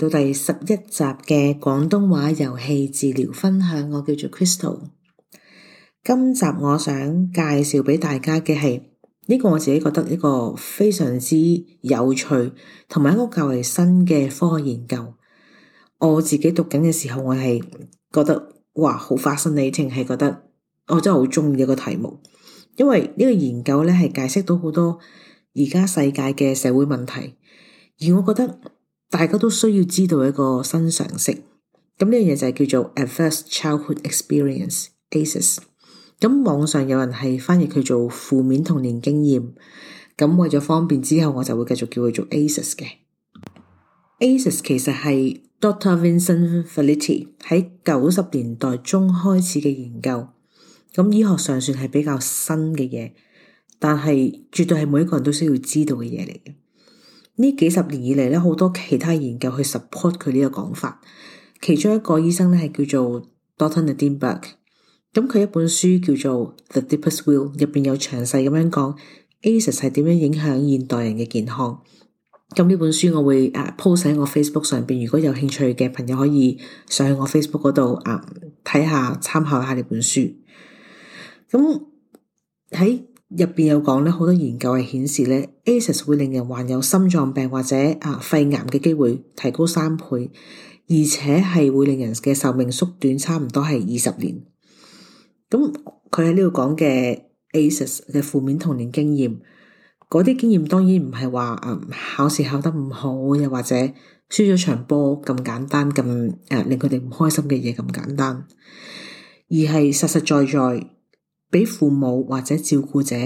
到第十一集嘅廣東話遊戲治療分享，我叫做 Christal。今集我想介紹俾大家嘅係呢個，我自己覺得一個非常之有趣，同埋一個較為新嘅科學研究。我自己讀緊嘅時候，我係覺得哇，好發心理情，係覺得我真係好中意呢個題目，因為呢個研究咧係解釋到好多而家世界嘅社會問題，而我覺得。大家都需要知道一個新常識，咁呢樣嘢就係叫做 Adverse Childhood Experience，ACEs。咁網上有人係翻譯佢做負面童年經驗，咁為咗方便之後，我就會繼續叫佢做 ACEs 嘅。ACEs 其實係 Dr. Vincent Felitti 喺九十年代中開始嘅研究，咁醫學上算係比較新嘅嘢，但係絕對係每一個人都需要知道嘅嘢嚟嘅。呢幾十年以嚟咧，好多其他研究去 support 佢呢個講法。其中一個醫生咧係叫做 Dr. Nadine Burke 咁佢一本書叫做《The Deepest Well》，入邊有詳細咁樣講 ACEs 係點樣影響現代人嘅健康。咁呢本書我會啊 post 喺我 Facebook 上邊，如果有興趣嘅朋友可以上去我 Facebook 嗰度啊睇下，參考下呢本書。咁喺入邊有講咧，好多研究係顯示咧，ACEs 會令人患有心臟病或者啊肺癌嘅機會提高三倍，而且係會令人嘅壽命縮短差唔多係二十年。咁佢喺呢度講嘅 ACEs 嘅負面童年經驗，嗰啲經驗當然唔係話考試考得唔好，又或者輸咗場波咁簡單，咁、呃、令佢哋唔開心嘅嘢咁簡單，而係實實在在，在。俾父母或者照顧者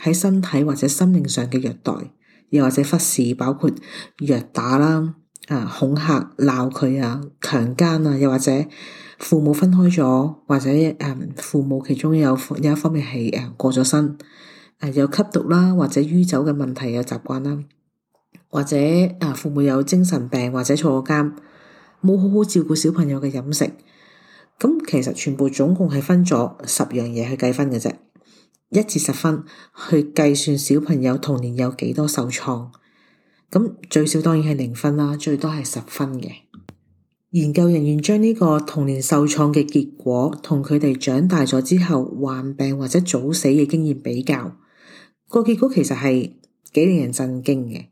喺身體或者心靈上嘅虐待，又或者忽視，包括虐打啦、啊恐嚇、鬧佢啊、強姦啊，又或者父母分開咗，或者誒父母其中有一方面係誒過咗身，誒有吸毒啦，或者酗酒嘅問題有習慣啦，或者啊父母有精神病或者坐過監，冇好好照顧小朋友嘅飲食。咁其實全部總共係分咗十樣嘢去計分嘅啫，一至十分去計算小朋友童年有幾多受創。咁最少當然係零分啦，最多係十分嘅。研究人員將呢個童年受創嘅結果同佢哋長大咗之後患病或者早死嘅經驗比較，個結果其實係幾令人震驚嘅。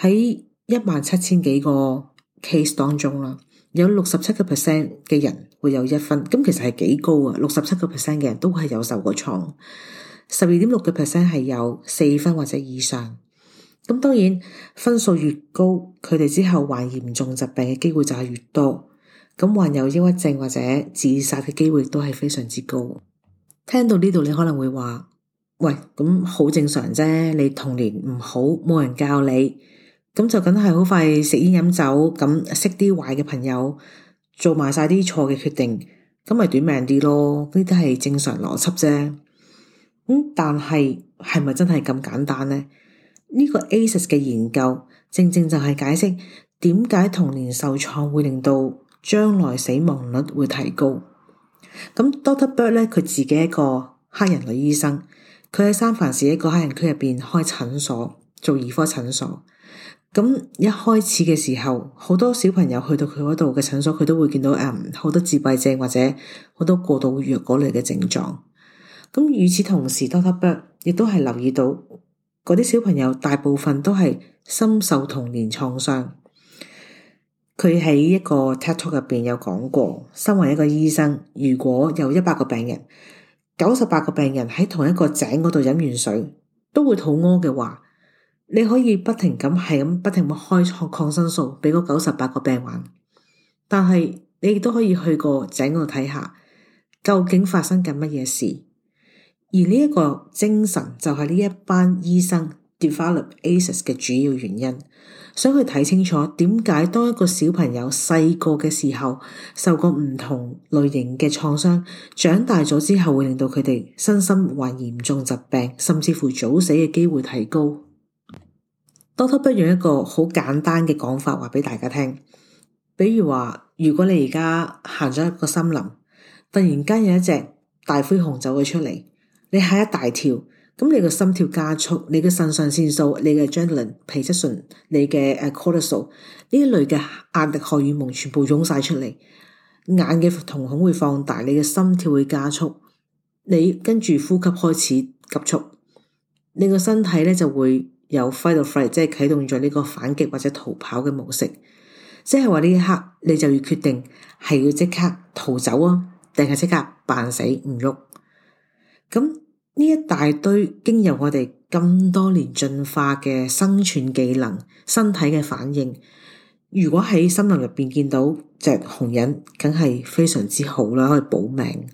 喺一萬七千幾個 case 當中啦。有六十七個 percent 嘅人會有一分，咁其實係幾高啊！六十七個 percent 嘅人都係有受過創，十二點六個 percent 係有四分或者以上。咁當然，分數越高，佢哋之後患嚴重疾病嘅機會就係越多，咁患有抑鬱症或者自殺嘅機會都係非常之高。聽到呢度，你可能會話：喂，咁好正常啫，你童年唔好，冇人教你。咁就梗係好快食煙飲酒，咁識啲壞嘅朋友，做埋晒啲錯嘅決定，咁咪短命啲咯？呢啲係正常邏輯啫。咁、嗯、但係係咪真係咁簡單呢？呢、這個 ACEs 嘅研究正正就係解釋點解童年受創會令到將來死亡率會提高。咁 Doctor Burke 咧，佢自己一個黑人女醫生，佢喺三藩市一個黑人區入邊開診所，做兒科診所。咁一開始嘅時候，好多小朋友去到佢嗰度嘅診所，佢都會見到誒，好、嗯、多自閉症或者好多過度弱嗰類嘅症狀。咁與此同時，doctor Burke 亦都係留意到嗰啲小朋友大部分都係深受童年創傷。佢喺一個 TED Talk 入邊有講過，身為一個醫生，如果有一百個病人，九十八個病人喺同一個井嗰度飲完水都會肚屙嘅話。你可以不停咁係咁，不停咁開創抗生素畀嗰九十八個病患，但係你亦都可以去個井度睇下，究竟發生緊乜嘢事。而呢一個精神就係呢一班醫生 develop ACEs 嘅主要原因，想去睇清楚點解當一個小朋友細個嘅時候受過唔同類型嘅創傷，長大咗之後會令到佢哋身心患嚴重疾病，甚至乎早死嘅機會提高。偷偷不用一個好簡單嘅講法，話俾大家聽。比如話，如果你而家行咗一個森林，突然間有一隻大灰熊走咗出嚟，你嚇一大跳，咁你個心跳加速，你嘅腎上腺素、你嘅 adrenaline、皮質醇，你嘅誒 cortisol，呢一類嘅壓力荷爾蒙全部湧晒出嚟，眼嘅瞳孔會放大，你嘅心跳會加速，你跟住呼吸開始急促，你個身體咧就會。有 fight or flight，即係啟動咗呢個反擊或者逃跑嘅模式，即係話呢一刻你就要決定係要即刻逃走啊，定係即刻扮死唔喐？咁呢一大堆經由我哋咁多年進化嘅生存技能、身體嘅反應，如果喺森林入邊見到隻熊人，梗係非常之好啦，可以保命。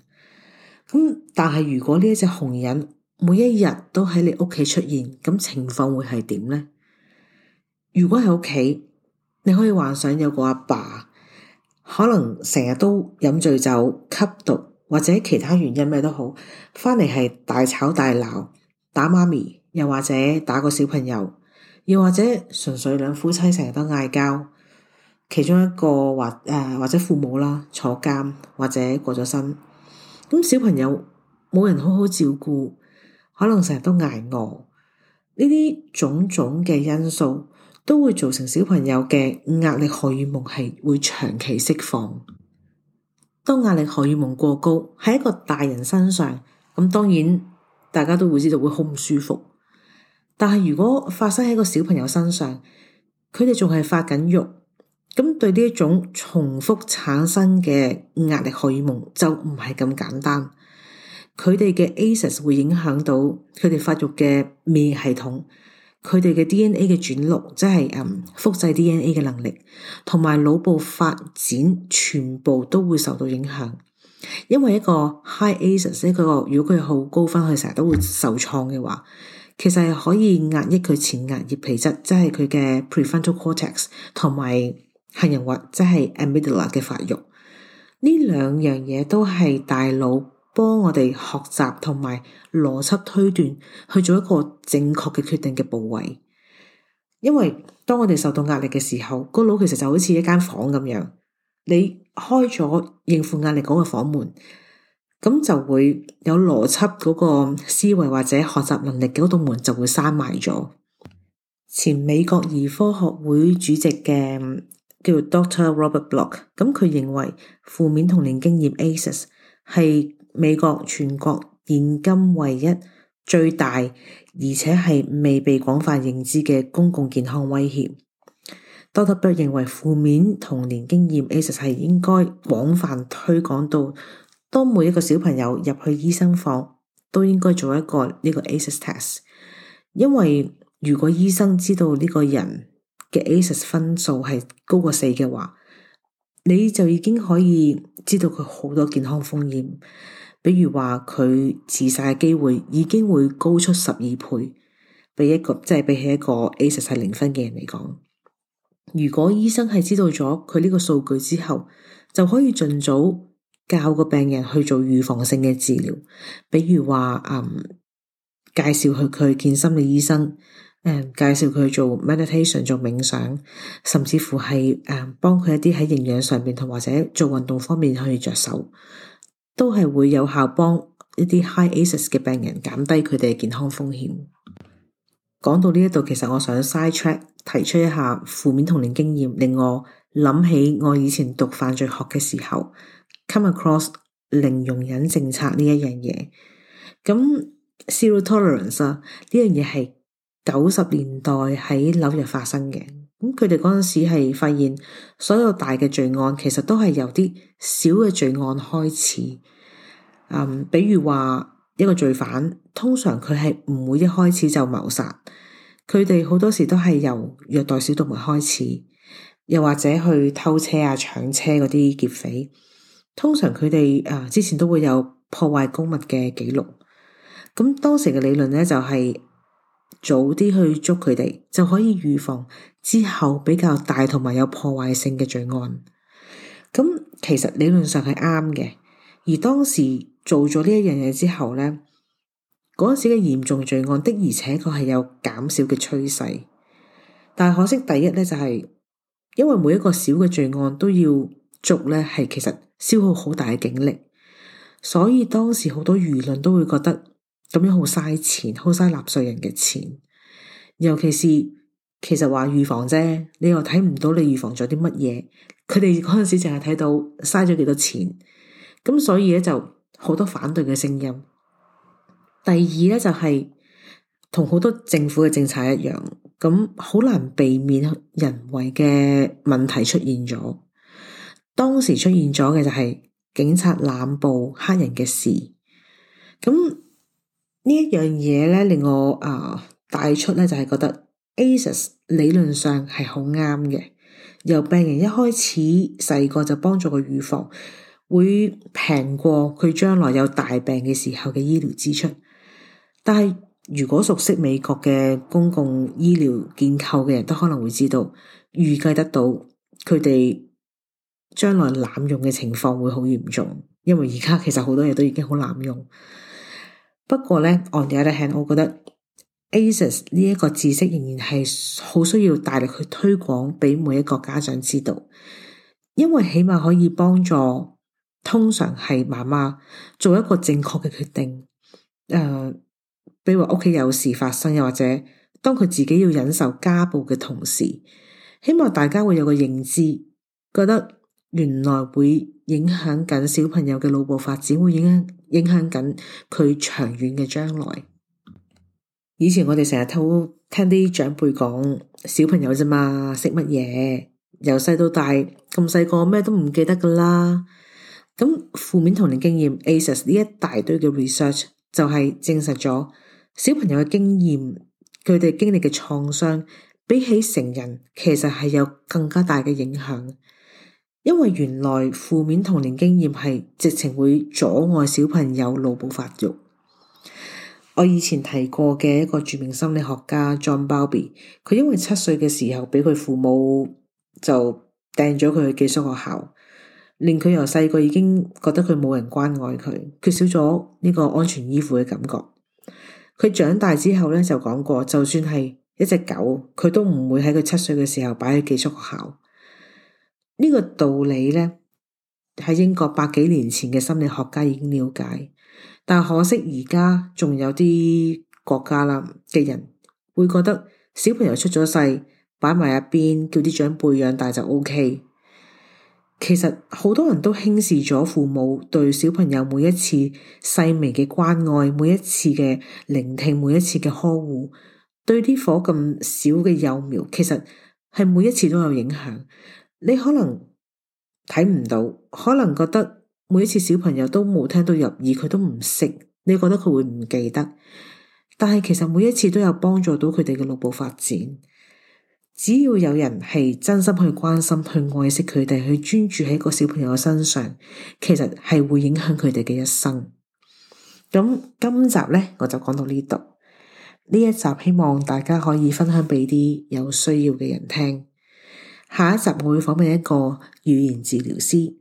咁但係如果呢一隻熊人每一日都喺你屋企出現，咁情況會係點呢？如果喺屋企，你可以幻想有個阿爸，可能成日都飲醉酒、吸毒或者其他原因咩都好，翻嚟係大吵大鬧，打媽咪，又或者打個小朋友，又或者純粹兩夫妻成日都嗌交，其中一個或誒、呃、或者父母啦坐監或者過咗身，咁小朋友冇人好好照顧。可能成日都挨餓、呃，呢啲種種嘅因素都會造成小朋友嘅壓力荷爾蒙係會長期釋放。當壓力荷爾蒙過高，喺一個大人身上，咁當然大家都會知道會好唔舒服。但係如果發生喺一個小朋友身上，佢哋仲係發緊育，咁對呢一種重複產生嘅壓力荷爾蒙就唔係咁簡單。佢哋嘅 ACEs 會影響到佢哋發育嘅免疫系統，佢哋嘅 DNA 嘅轉錄，即係嗯複製 DNA 嘅能力，同埋腦部發展全部都會受到影響。因為一個 high ACEs 呢個，如果佢好高分，佢成日都會受創嘅話，其實係可以壓抑佢前額葉皮質，即係佢嘅 prefrontal cortex 同埋杏仁核，即係 amygdala 嘅發育。呢兩樣嘢都係大腦。幫我哋學習同埋邏輯推斷去做一個正確嘅決定嘅部位。因為當我哋受到壓力嘅時候，個腦其實就好似一間房咁樣，你開咗應付壓力嗰個房門，咁就會有邏輯嗰個思維或者學習能力嘅嗰道門就會閂埋咗。前美國兒科學會主席嘅叫 Dr. Robert Block，咁佢認為負面童年經驗 ACEs 係。美國全國現今唯一最大而且係未被廣泛認知嘅公共健康威脅。Dr. Block 認為負面童年經驗 ACEs 係應該廣泛推廣到當每一個小朋友入去醫生房都應該做一個呢個 ACEs test，因為如果醫生知道呢個人嘅 ACEs 分數係高過四嘅話。你就已經可以知道佢好多健康風險，比如話佢自殺嘅機會已經會高出十二倍，比一個即係、就是、比起一個 A 十四零分嘅人嚟講。如果醫生係知道咗佢呢個數據之後，就可以盡早教個病人去做預防性嘅治療，比如話嗯，介紹佢去見心理醫生。嗯、介紹佢做 meditation，做冥想，甚至乎係誒、嗯、幫佢一啲喺營養上面同或者做運動方面去着手，都係會有效幫一啲 high ACEs 嘅病人減低佢哋嘅健康風險。講到呢一度，其實我想 sidetrack 提出一下負面童年經驗，令我諗起我以前讀犯罪學嘅時候，come across 零容忍政策呢一樣嘢，咁 Zero Tolerance 啊呢樣嘢係。九十年代喺紐約發生嘅，咁佢哋嗰陣時係發現所有大嘅罪案其實都係由啲小嘅罪案開始，嗯，比如話一個罪犯通常佢係唔會一開始就謀殺，佢哋好多時都係由虐待小動物開始，又或者去偷車啊、搶車嗰啲劫匪，通常佢哋誒之前都會有破壞公物嘅記錄，咁當時嘅理論咧就係、是。早啲去捉佢哋就可以預防之後比較大同埋有破壞性嘅罪案。咁其實理論上係啱嘅，而當時做咗呢一樣嘢之後呢，嗰時嘅嚴重罪案的而且確係有減少嘅趨勢。但係可惜第一呢、就是，就係因為每一個小嘅罪案都要捉呢，係其實消耗好大嘅警力，所以當時好多輿論都會覺得。咁樣好嘥錢，好嘥納稅人嘅錢，尤其是其實話預防啫，你又睇唔到你預防咗啲乜嘢，佢哋嗰陣時淨係睇到嘥咗幾多錢，咁所以咧就好多反對嘅聲音。第二咧就係同好多政府嘅政策一樣，咁好難避免人為嘅問題出現咗。當時出現咗嘅就係警察濫捕黑人嘅事，咁。呢一樣嘢，咧令我啊、呃、帶出咧就係覺得 ACEs 理論上係好啱嘅，由病人一開始細個就幫助佢預防，會平過佢將來有大病嘅時候嘅醫療支出。但係如果熟悉美國嘅公共醫療建構嘅人都可能會知道，預計得到佢哋將來濫用嘅情況會好嚴重，因為而家其實好多嘢都已經好濫用。不過咧我哋有得 u 我覺得 ASIS 呢一個知識仍然係好需要大力去推廣俾每一個家長知道，因為起碼可以幫助通常係媽媽做一個正確嘅決定。誒、呃，比如話屋企有事發生，又或者當佢自己要忍受家暴嘅同時，希望大家會有個認知，覺得原來會影響緊小朋友嘅腦部發展，會影響。影響緊佢長遠嘅將來。以前我哋成日都聽啲長輩講，小朋友啫嘛，識乜嘢，由細到大，咁細個咩都唔記得噶啦。咁負面童年經驗，ACEs 呢一大堆嘅 research 就係證實咗小朋友嘅經驗，佢哋經歷嘅創傷，比起成人其實係有更加大嘅影響。因為原來負面童年經驗係直情會阻礙小朋友腦部發育。我以前提過嘅一個著名心理學家 John Bowlby，佢因為七歲嘅時候俾佢父母就掟咗佢去寄宿學校，令佢由細個已經覺得佢冇人關愛佢，缺少咗呢個安全依附嘅感覺。佢長大之後咧就講過，就算係一隻狗，佢都唔會喺佢七歲嘅時候擺去寄宿學校。呢個道理呢，喺英國百幾年前嘅心理學家已經了解，但可惜而家仲有啲國家啦嘅人會覺得小朋友出咗世，擺埋一邊，叫啲長輩養大就 OK。其實好多人都輕視咗父母對小朋友每一次細微嘅關愛，每一次嘅聆聽，每一次嘅呵護，對啲火咁少嘅幼苗，其實係每一次都有影響。你可能睇唔到，可能覺得每一次小朋友都冇聽到入耳，佢都唔識，你覺得佢會唔記得？但係其實每一次都有幫助到佢哋嘅腦部發展。只要有人係真心去關心、去愛惜佢哋，去專注喺個小朋友身上，其實係會影響佢哋嘅一生。咁今集呢，我就講到呢度。呢一集希望大家可以分享俾啲有需要嘅人聽。下一集我會訪問一個語言治療師，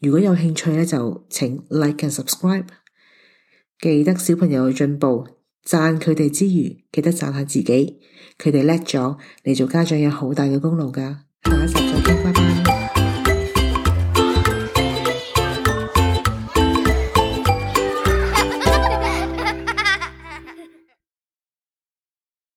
如果有興趣咧就請 like and subscribe。記得小朋友嘅進步，讚佢哋之餘，記得讚下自己。佢哋叻咗，你做家長有好大嘅功勞㗎。下一集再見，拜拜。